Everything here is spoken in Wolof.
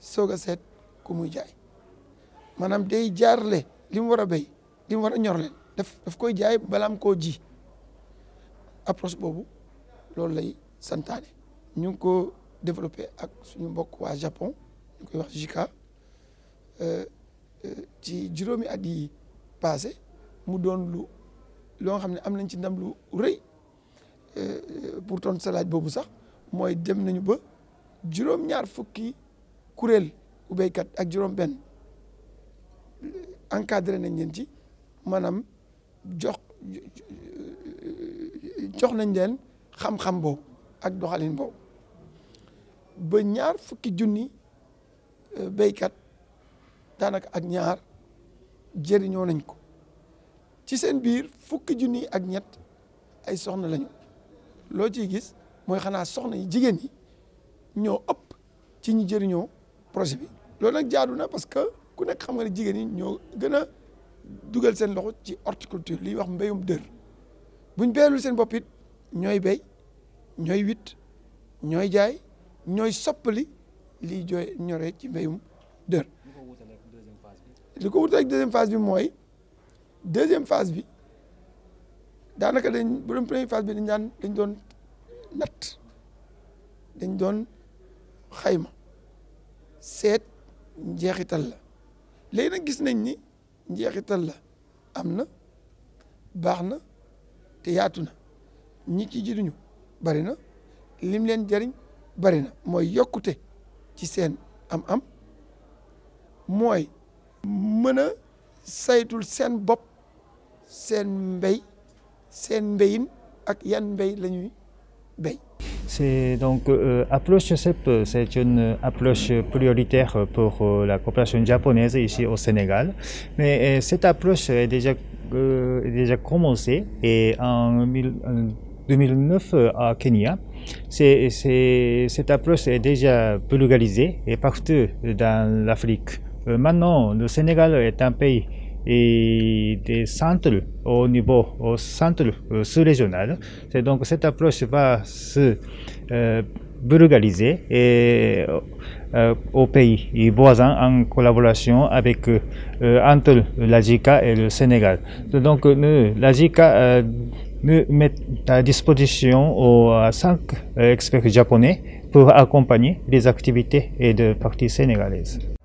soog a seet ku muy jaay maanaam day jaarle li mu war a béy li war a ñor leen daf koy jaay balaam koo ji approche boobu loolu lay santaane ñu ngi ko développé ak suñu mbokk waa Japon ñu koy wax JICA euh, euh, ci juróomi at yi passé mu doon lu loo xam ne am nañ ci ndam lu rëy euh, pour tontu sa laaj boobu sax mooy dem nañu ba juróom-ñaar fukki kuréel ubéykat ak juróom-benn encadré nañ leen ci maanaam jox jox nañ leen xam-xam boobu ak doxalin boobu ba ñaar fukki junni euh, béykat daanaka ak ñaar jëriñoo nañ ko ci seen biir fukki junni ak ñett ay soxna lañu loo ci gis mooy xanaa soxna yi jigéen ñi ñoo ëpp ci ñi jëriñoo. projet bi loolu nag jaadu na parce que ku nekk xam nga ne jigéen ñi ñoo gën a dugal seen loxo ci horticulture li wax mbéyum dër buñ béyalul seen bopp it ñooy béy ñooy witt ñooy jaay ñooy soppali lii jooy ñoree ci mbéyum dër li ko wutale ak deuxième phase bi mooy deuxième phase bi daanaka dañ bu doon première phase bi dañ daan dañ doon natt dañ doon xayma seet njeexital la léegi nag gis nañ ni njeexital la am na baax na te yaatu na ñi ci jiduñu bari na lim leen jariñ bari na mooy yokkute ci seen am-am mooy mën a saytul seen bopp seen mbéy seen mbéyin ak yan mbéy la ñuy béy C'est donc euh, approche CEP, c'est une euh, approche prioritaire pour euh, la coopération japonaise ici au Sénégal. Mais cette approche est déjà déjà commencée et en, 2009 à Kenya. C'est, cette approche est déjà vulgarisée et partout dans l'Afrique. maintenant, le Sénégal est un pays et des centres au niveau au centre euh, sous-régional. donc cette approche va se euh, et, euh, aux pays voisins en collaboration avec euh, entre la JICA et le Sénégal. Donc la JICA nous met à disposition cinq experts japonais pour accompagner les activités et de parties sénégalaises.